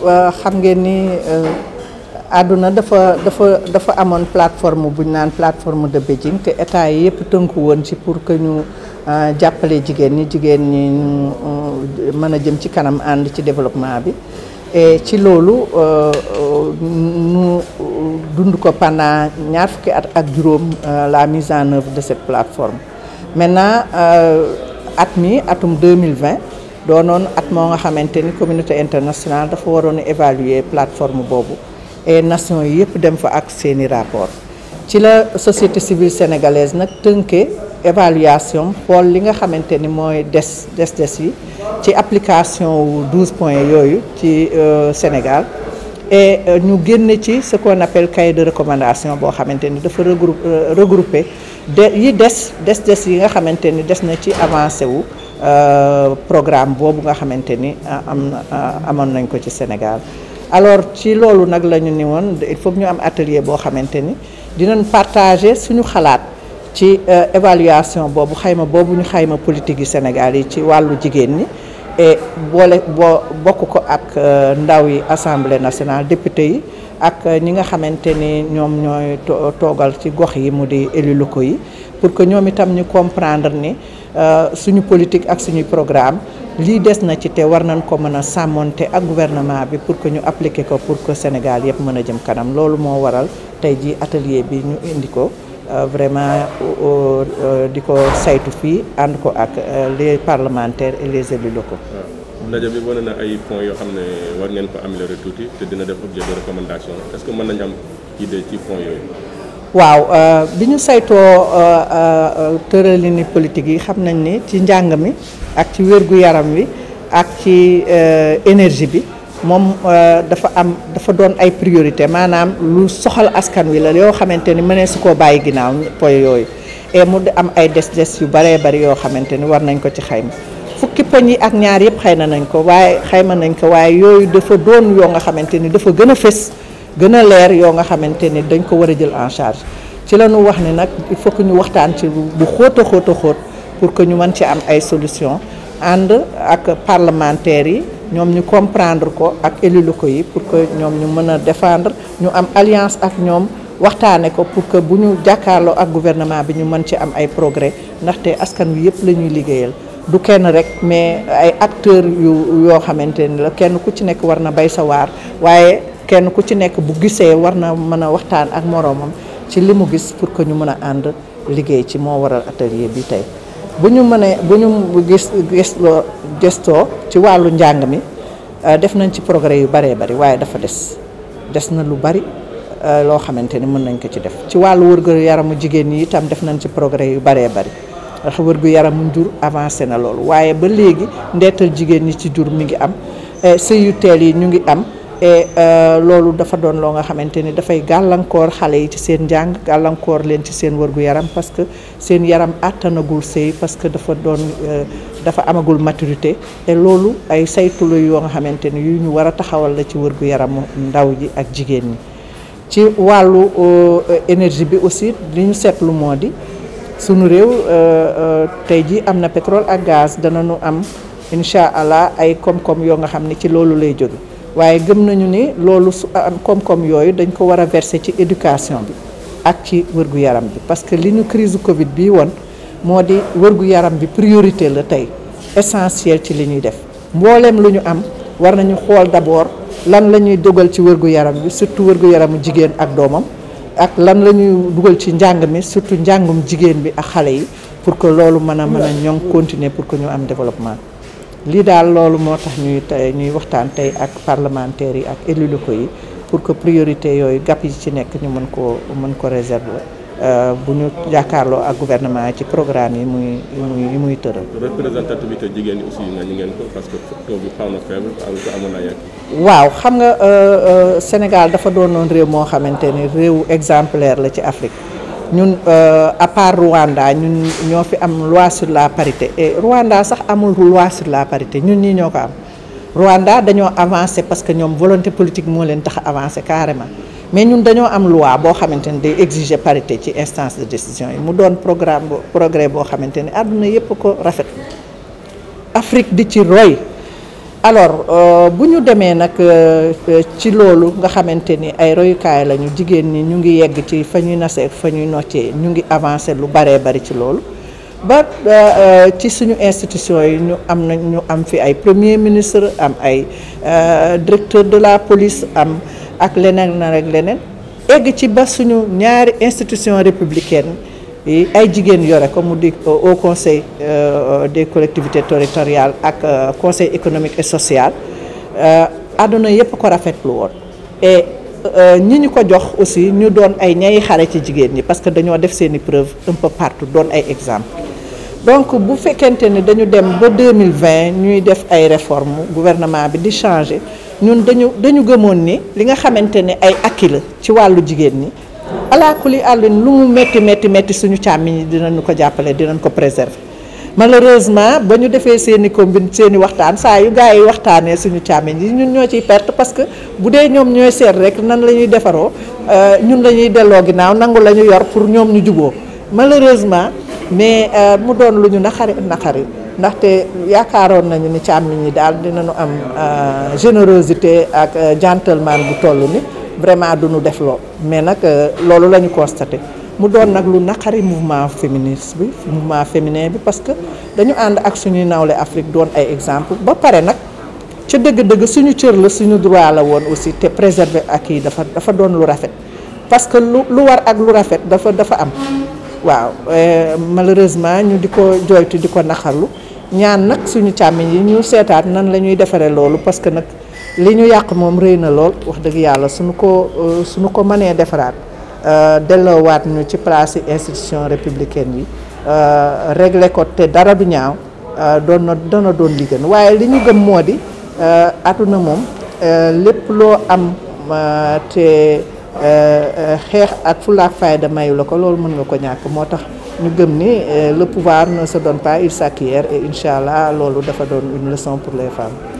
Euh, xam ngeen ni euh, àdduna dafa dafa dafa amoon plateforme bu ñu naan plateforme de Beijing te état yi yëpp tënku woon ci pour que ñu euh, jàppale jigéen ñi jigéen ñi ñu mën a jëm ci kanam ànd ci développement bi e ci loolu ñu dund ko pendant ñaar fukki at ak juróom la mise en œuvre de cette plateforme maintenant at mi atum 2020 doonoon at moo nga xamante ni communauté internationale dafa waroon a évaluer plateforme boobu et nation yi yëpp dem fa ak seeni rapport ci la société civile sénégalaise nag tënke évaluation xool li nga xamante ni mooy des des des yi ci application wu 12 points yooyu ci euh, Sénégal e ñu génn ci ce qu'on appelle cahier de recommandation boo xamante ni dafa euh, regroupe regroupé de yi des des des yi nga xamante ni des na ci avancé wu Euh, programme boobu nga xamante ni euh, am euh, amoon nañ ko ci Sénégal alors ci loolu nag lañu ni woon il faut ñu am atelier boo xamante ni dinañ partager suñu xalaat ci évaluation boobu xayma boobu ñu xayma politique yi Sénégal yi ci wàllu jigéen ñi e boole boo bokk ko ak ndaw yi assemblée nationale député yi ak ñi nga xamante ni ñoom ñooy toogal ci gox yi mu di élus yi pour que ñoom itam ñu comprendre ni euh, suñu politique ak suñu programme lii des na ci te war nañ ko mën a sàmmonte ak gouvernement bi pour que ñu appliquer ko pour que Sénégal yëpp mën a jëm kanam loolu moo waral tey jii atelier bi ñu indi ko euh, vraiment euh, di ko saytu fii ànd ko ak les parlementaire et les élus ndaje bi wane na ay points yoo xam ne war ngeen ko améliorer tuuti te dina def objet de recommandation est-ce que mën nañu am idée ci points yooyu. waaw euh, bi ñu saytoo euh, euh, tëralini politique yi xam nañ ni ci njàng mi ak ci wér-gu-yaram wi ak ci énergie bi moom dafa am dafa doon ay priorité maanaam lu soxal askan wi la yoo xamante ni mënee su koo bàyyi ginnaaw poy yooyu et mu am ay des-des yu baree bari yoo xamante ni war nañ ko ci xayma. fukki poñ yi ak ñaar yëpp xëy na nañ ko waaye xayma nañ ko waaye yooyu dafa doon yoo nga xamante ni dafa gën a fës gën a leer yoo nga xamante ni dañ ko war a jël en charge ci la ñu wax ni nag il ñu waxtaan ci bu xóot a xóot pour que ñu mën ci am ay solution ànd ak parlementaires yi ñoom ñu comprendre ko ak élus locaux yi pour que ñoom ñu mën a defendre ñu am alliance ak ñoom waxtaane ko pour que bu ñu jàkkaarloo ak gouvernement bi ñu mën ci am ay progrès ndaxte askan wi yëpp la ñuy liggéeyal du kenn rek mais ay acteurs yu yoo xamante ni la kenn ku ci nekk war na bay sa waar waaye kenn ku ci nekk bu gisee war na mën a waxtaan ak moroomam ci li mu gis pour que ñu mën a ànd liggéey ci moo waral atelier bi tey bu ñu mënee bu ñu gis gëstoo gëstoo ci wàllu njàng mi euh, def nañ ci progrès yu baree bari waaye dafa des des na lu bari euh, loo xamante ni mën nañ ko ci def ci wàllu wërgu yaramu jigéen ñi itam def nañ ci progrès yu baree bari wér-gu-yaramu jur avancé na loolu waaye ba léegi ndeetal jigéen ñi ci jur mi ngi am eh, sëy yu teel yi ñu ngi am et eh, eh, loolu dafa doon loo nga xamante ni dafay gàllankoor xale yi ci seen njàng gàllankoor leen ci seen wér-gu-yaram parce que seen yaram àttanagul sëy parce que dafa doon dafa amagul maturité te loolu ay saytu yoo nga xamante ni yu ñu war a taxawal la ci wér-gu-yaramu ndaw ji ak jigéen ñi ci wàllu oh, énergie bi aussi li ñu seetlu moo di sunu réew euh, euh, tey ji am na pétrole ak gaz danañu am incha allah ay koom-koom yoo nga xam ne ci loolu lay jóge waaye gëm nañu ni loolu su am koom-koom yooyu dañ ko war a verser ci éducation bi ak ci wërgu-yaram bi parce que li ñu crise Covid bi woon moo di wërgu-yaram bi priorité la tey essentiel ci li ñuy def mbooleem lu ñu am war nañu xool d'abord lan la ñuy dogal ci wërgu-yaram bi surtout wërgu-yaramu jigéen ak doomam ak lan la ñuy dugal ci njàng mi surtout njàngum jigéen bi ak xale yi pour que loolu mën a mën a ñoŋ continuer pour que ñu am développement lii daal loolu moo tax ñuy te ñuy waxtaan tey ak parlementaires yi ak élus yi pour que priorité yooyu gap yi ci nekk ñu mën ko mën ko réserver Euh, bu ñu jàkkaarloo ak gouvernement ci programme yi muy muy muy tëral. représentativité parce que taux waaw xam nga euh, euh, Sénégal dafa doon réew moo xamante ni réew exemplaire la ci Afrique ñun à part Rwanda ñun ñoo fi am loi sur la parité et Rwanda sax amul loi sur la parité ñun ñii ñoo ko am Rwanda dañoo avancé parce que ñoom volonté politique moo leen tax a avancé carrément. mais ñun dañoo am loi boo xamante ni day exiger parité ci instance de décision yi mu doon programme progrès boo xamante ne àdduna yëpp ko rafet Afrique di ci roy alors euh, bu ñu demee nag euh, ci loolu nga xamante ni ay royukaay lañu jigéen ñi ñu ngi yegg ci fa ñuy nasee fa ñuy noccee ñu ngi avancé lu baree bari ci loolu ba euh, ci suñu institution yi ñu am na ñu am fi ay premier ministre am ay directeur de la police am ak leneen na rek leneen egg ci ba suñu ñaari institution républicaine yi ay jigéen yore ko mu di euh, au conseil euh, des collectivités territoriales ak euh, conseil économique et social àdduna yépp ko rafetlu woon e ñi ñu ko jox aussi ñu doon ay ñay xare ci jigéen ñi parce que dañoo def seeni preuve un peu partout doon ay exemple donc bu fekkente ne dañu dem ba 2020 ñuy def ay réformes gouvernement bi di changé ñun dañu dañu gëmoon ni li nga xamante ne ay acquis la ci wàllu jigéen ñi alaakuli àllin lu mu métti métti métti suñu càmmiñ yi dinañu ko jàppale dinañ ko préserver malheureusement ba ñu defee seen i combine seen i waxtaan saa yu gars yi waxtaanee suñu càmmiñ yi ñun ñoo ciy perte parce que bu dee ñoom ñooy seet rek nan la ñuy defaroo euh, ñun la ñuy delloo ginnaaw nangu la ñu yor pour ñoom ñu juboo malheureusement mais euh, mu doon lu ñu naxari naxari ndaxte yaakaaroon nañu ni càmmiñ ñi daal dina dinañu am euh, générosité ak euh, gentleman bu toll ni vraiment du duñu def lool mais nag euh, loolu la ñu constaté mu doon nag lu naqari mouvement féministe bi mouvement féminin bi parce que dañu ànd ak suñuy nawle Afrique doon ay exemple ba pare nag ca dëgg-dëgg suñu cër la suñu droit la woon aussi te préserver ak yi dafa dafa doon lu rafet parce que lu lu war ak lu rafet dafa dafa am waaw malheureusement ñu di ko joytu di ko naqarlu ñaan nag suñu càmmiñ yi ñu seetaat nan la ñuy defaree loolu parce que nag li ñu yàq moom rëy na lool wax dëgg yàlla suñu ko euh, suñu ko mënee defaraat euh, delloowaat ñu ci place yi institution républicaine yi euh, régler ko te dara du ñaaw doon na doona doon li waaye li ñu gëm moo di na moom lépp loo am te xeex ak fulla ak fayda mayu la ko loolu mën nga ko ñàkk moo tax ñu gëm ni euh, le pouvoir ne se donne pas il s'acquiert et incha allah loolu dafa doon une leçon pour les femmes